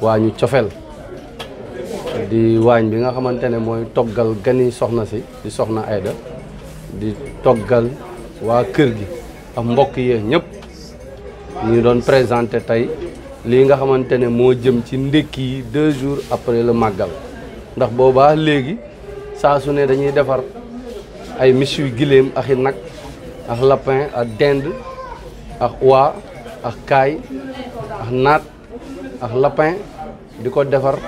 waañu cofeel di waañ bi nga xamante ne mooy toggal gani soxna si di soxna ayda di toggal waa kër gi ak mbokk yee ñëpp ñu doon présenté tey lii nga xamante ne moo jëm ci ndékki yi deux jours après la màggal ndax boobaa léegi saa su ne dañuy defar ay miss yu giléem ak i nag ak lapin ak dend ak oie ak kaay ak naat ak lapin di ko defar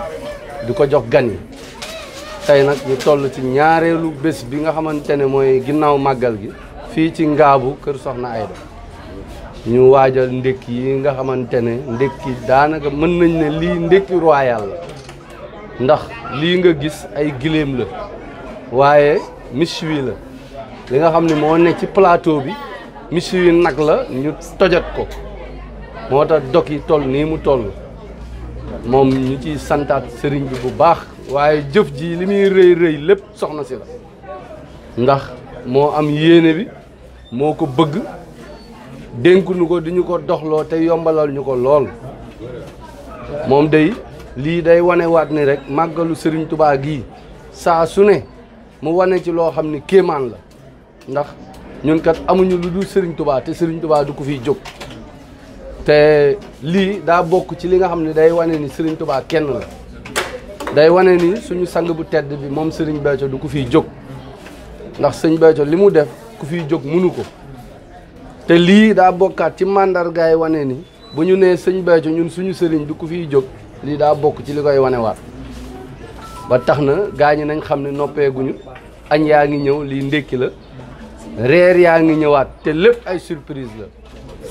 di ko jox gan yi nag ñu toll ci ñaareelu bés bi nga xamante ne mooy ginnaaw màggal gi fii ci ngaabu kër Soxna Aida ñu waajal ndékki yi nga xamante ne ndékki daanaka mën nañ ne lii ndékki royal la ndax lii nga gis ay giléem la waaye méchoui la li nga xam ne moo ne ci plateau bi méchoui nag la ñu tojat ko moo tax dog yi toll nii mu toll moom ñu ci santaat sëriñ bi bu baax waaye jëf ji li muy rëy rëy lépp soxna si la ndax moo am yéene bi moo ko bëgg dénku ko di ñu ko doxloo te yombalal ñu ko lool moom day lii day wane wanewaat ni rek màggalu sëriñ tubaa gii saa su ne mu wane ci loo xam ni kéemaan la ndax ñun kat amuñu lu dul sëriñ tubaa te sëriñ tubaa du ko fiy jóg te lii daa bokk ci li nga xam ne day wane ni sëriñ tubaa kenn la day wane ni suñu sang bu tedd bi moom sëriñ Béthio du ku fiy jóg ndax sëñ Béthio li mu def ku fiy jóg munu ko te lii daa bokkaat ci màndargaay wane ni bu ñu nee sëñ Béthio ñun suñu sëriñ du ku fiy jóg lii daa bokk ci li koy wane waat ba tax na gaa ñi nañ xam ne noppeeguñu añ yaa ngi ñëw lii ndékki la reer yaa ngi ñëwaat te lépp ay surprise la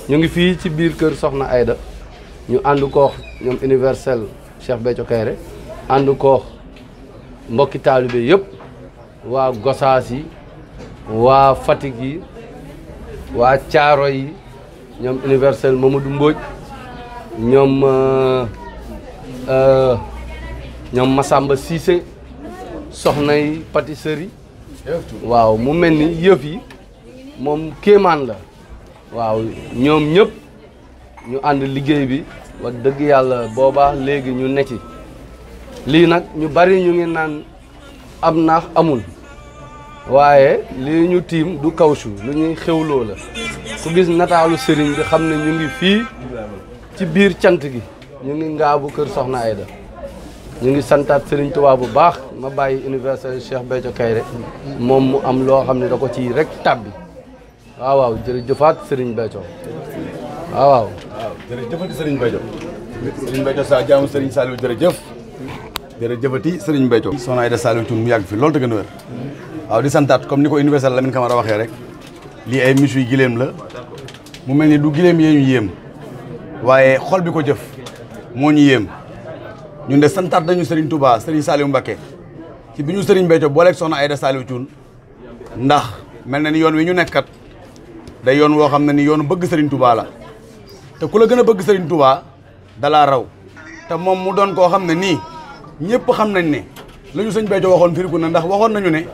ñu ngi fi ci biir kër soxna Aida ñu ànd koox ñom universel Cheikh Béthio Kaïré and ko mbokki taalibe yëpp wa Gosaas yi waa Fatick yi waa yi ñom universel Mamadou Mbodj euh, euh ñom masamba Cissé soxna yi patisserie waaw mu melni yëf yi mom kéman la waaw ñoom ñëpp ñu ànd liggéey bi wax dëgg yàlla boobaa léegi ñu ne ci lii nag ñu bari ñu ngi naan am naax amul waaye lii ñu tiim du kawsu lu ñuy xewloo la ku gis nataalu sëriñ bi xam ne ñu ngi fii ci biir cant gi ñu ngi ngaabu kër Soxna Aida ñu ngi santaat sëriñ Touba bu baax ma bàyyi université Cheikh Béthio Kaïré moom mu am loo xam ne da ko ci rek tàbbi waaw waaw jërëjëfaat Serigne Béthio waaw sëriñ waaw jërëjëfati Serigne Béthio Serigne Béthio sa jaamu Serigne Saliou jërëjëf jërëjëfati Serigne Béthio soxna Aïda Saliou Thioune mu yàgg fi loolu te gën a wér waaw di santaat comme ni ko universel Lamine waxee rek lii ay misu yu gileem la mel ni du gileem yee ñu waaye xol bi ko jëf moo ñu yéem ñun de santaat nañu Serigne Touba Serigne Saliou Mbacké ci bi ñu Serigne Béthio booleeg soxna Aïda Saliou Thioune ndax mel na ni yoon wi ñu nekkat day yoon woo xam ne ni yoonu bëgg Serigne Touba la te ku la gën a bëgg sëriñ Touba dalaa raw te moom mu doon koo xam ne nii ñëpp xam nañ ne lañu ñu sëñ Béthio waxoon firiku na ndax waxoon nañu ne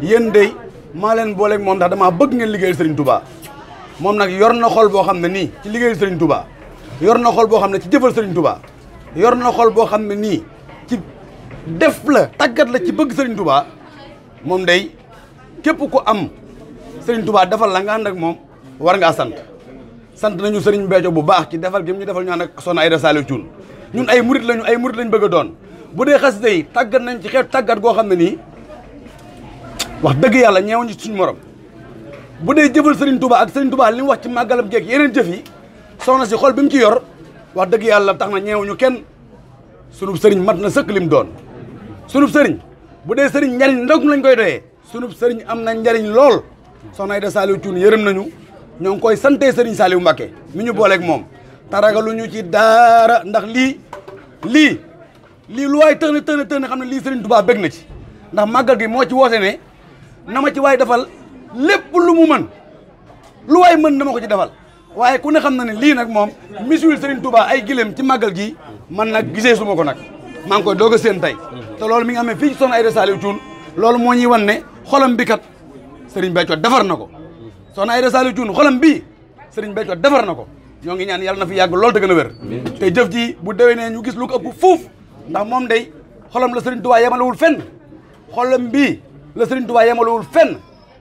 yéen day maa leen booleeg moom ndax damaa bëgg ngeen liggéeyal Serigne Touba moom nag yor na xol boo xam ne nii ci liggéeyal Serigne Touba yor na xol boo xam ne ci jëfal Serigne Touba yor na xol boo xam ne nii ci def la tàggat la ci bëgg Serigne Touba moom day képp ku am Serigne defal la moom. war ngaa sant sant nañu sëriñ Béthio bu baax ci defal gi ñu defal ñu ànd ak ay Aïda Saliou Thioune ñun ay murit lañu ay murit lañu bëgg doon bu dee xas yi tàggat nañ ci xeet tàggat goo xam ne nii wax dëgg yàlla ñeewuñu ñu suñ morom bu dee jëfal sëriñ Touba ak sëriñ Touba li mu wax ci màggalam geeg yeneen jëf yi soxna si xol bi mu ci yor wax dëgg yàlla tax na ñeewuñu kenn sunub sëriñ mat na sëkk lim doon sunub sëriñ bu dee sëriñ njariñ ndog lañ koy doyee sunub sëriñ am na njariñ lool soxna Aïda Saliou Thioune yërëm nañu ñoo ngi koy sante Serigne Saliou Mbacké mi ñu booleeg moom ñu ci daara ndax lii lii lii lu waay tënk tënk tënk xam na lii sëriñ Touba bëgg na ci ndax màggal gi moo ci woose ne na ma ci waay defal lépp lu mu mën lu waay mën na ko ci defal waaye ku ne xam na ne lii nag moom misiwul Serigne Touba ay gileem ci màggal gi man nag gisee su ma ko nag maa ngi koy doog a seen tey te loolu mi nga amee fii ci Soxna Aïda Saliou Thioune loolu moo ñuy wan ne xolam bi kat Serigne Béthio na ko soxna Aïda salu jun xolam bi, serigne Béthio defar nako ko ngi ñaan yalla na fi yag lool te gën a te ji bu ne ñu gis lu ko fuuf ndax mom day xolam la sëriñ Touba yemalewul fenn xolam bi, la sëriñ Touba yemalewul fenn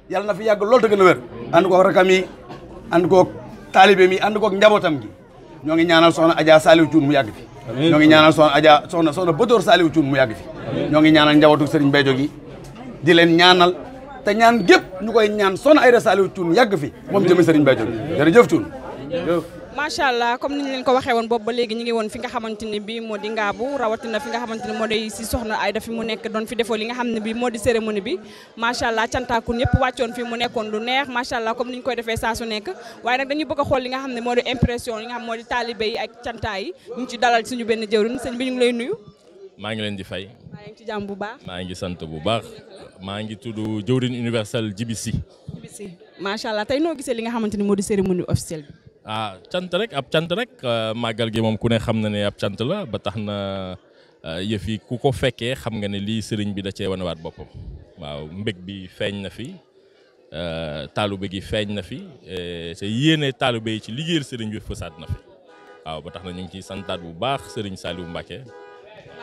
yalla na fi yag lool te gën a wér ànd rakam yi and ko taalibe mi and ko njabotam gi ñoo ngi ñaanal soxna Adja salu jun mu yag fi ñoo ngi ñaanal soxna Adja soxna soxna bodor salu jun mu yag fi ñoo ngi ñaanal njabotu serigne gi di len ñaanal te ñaan gépp ñu koy ñaan Soxna Aïda Saliou Thioune yàgg fi moom jëmi Serigne Mbaye Thioune jërëjëf Thioune macha allah comme niñ leen ko waxee woon boobu ba léegi ñu ngi woon fi nga xamante ni bii moo di ngaabu rawatina fi nga xamante ni moo di si soxna Aïda fi mu nekk doon fi defoo li nga xam ne bii moo di cérémonie bi macha allah cantaakun yëpp wàccoon fi mu nekkoon lu neex macha allah comme niñ koy defee saa su nekk waaye nag dañuy bëgg a xool li nga xam ne moo di impression yi nga xam moo di taalibe yi ñu benn jëwriñ sëñ bi lay nuyu maa ngi leen di maa ngi ci jàmm bu baax. maa ngi sant bu baax. maa ngi tudd jëwrin universel Djiby Sy. Djiby Sy macha allah tey noo gisee li nga xamante ni moo di cérémonie officielle bi. ah cant rek ab cant rek euh, màggal gi moom ku ne xam na ne ab cant la ba tax na euh, yëf ku ko fekkee xam nga ne lii sëriñ bi da cee wanewaat boppam. waaw mbég bi feeñ na fi taalu euh, taalube gi feeñ na fi te yéene taalube yi ci liggéeyal sëriñ bi fësaat na fi waaw ba tax na ñu ngi ciy santaat bu baax sëriñ Saliou Mbacké.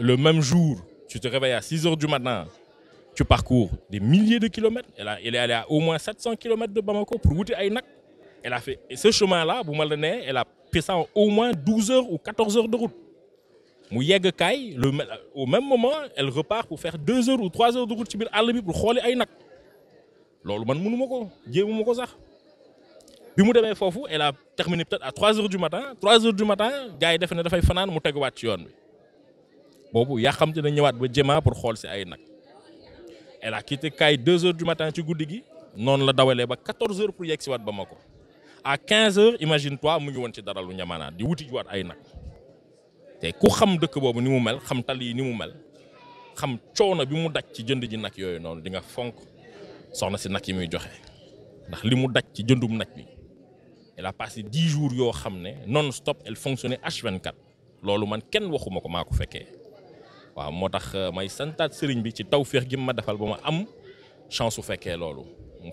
le même jour, tu te réveilles à 6 h du matin, tu parcours des milliers de kilomètres. Elle, elle est allée à au moins 700 km de Bamako pour goûter à Aïnak. Elle a fait ce chemin-là, elle a fait ça en au moins 12 h ou 14 heures de route. au même moment, elle repart pour faire 2 heures ou 3 heures de route pour aller à Aïnak. elle a terminé peut-être à 3 heures du matin 3 heures du matin elle a fait fanane, fait bobu ya xam te na ñëwaat ba Jema pour xol ci ay nak elle a quitté kay 2 h du matin ci guddi gi la dawalé ba 14 h pour yexi wat ba mako à 15 h imagine toi mu ngi won ci daralu lu di wuti wat ay nak té ku xam dëkk bobu ni mu mel xam tal yi ni mu mel xam choona bi mu daj ci jënd ji nak yooyu non di nga fonk soxna ci nak yi muy joxé ndax li mu daj ci jëndum nak bi elle a passé 10 jours yo xamné non stop elle fonctionnait H24 loolu man kenn waxuma ko mako fekké je euh, suis may bi ci gi ma am chance su fekkee loolu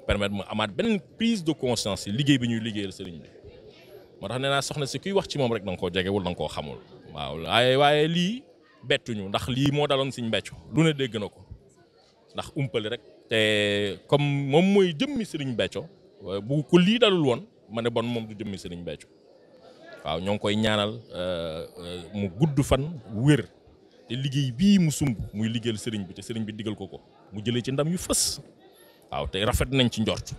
permettre ma prise de conscience ci liggéey bi que liggéeyal sëriñ soxna si kuy wax ci moom rek da nga koo Je suis xamul. waaw waaye waaye bettuñu ndax lii ne comme moom je suis sëriñ Béthio bu ko dalul won mané bon mom du serigne waaw ñong koy ñaanal euh, euh, te liggéey bii mu sumb muy liggéeyal sëriñ bi te sëriñ bi digal ko ko mu jëlee ci ndam yu fës waaw tey rafet nañ ci njort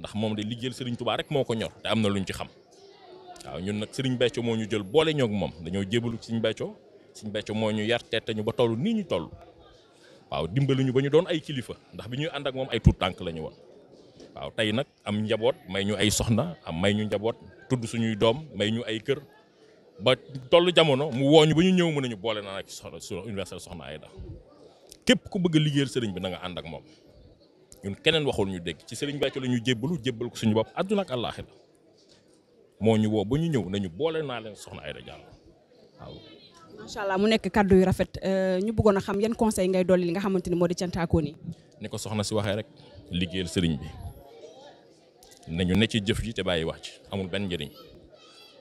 ndax moom de liggéeyal sëriñ Tuubaa rek moo ko ñor te am na lu ñu ci xam waaw ñun nag sëriñ becco moo ñu jël boole ñoog moom dañoo jébalu ci sëriñ Béthio sëriñ moo ñu yar teete ñu ba toll nii ñu toll waaw dimbali ñu ba ñu doon ay kilifa ndax bi ñuy ànd ak moom ay tuut tànk la ñu woon waaw tey nag am njaboot may ñu ay soxna am may ñu njaboot tudd suñuy doom may ñu ay kër ba tollu jamono mu woo ñu ba ñu ñëw mën nañu boole naa ci soxna su universel soxna Aida képp ku bëgg a liggéeyal sëriñ bi nanga ànd ak moom ñun keneen waxul ñu dégg ci sëriñ Béthio la ñu jébbalu jébbal ko suñu bopp àdduna ak àllaaxira moo ñu woo ba ñu ñëw nañu boole naa leen soxna Aida Diallo waaw. macha mu nekk kàddu yu rafet euh, ñu bëggoon a xam yan conseil ngay dolli li nga xamante ni moo di cantaakoo nii. ni ko soxna si waxee rek liggéeyal sëriñ bi nañu ne ci jëf ji te bàyyi wax ci amul benn njëriñ.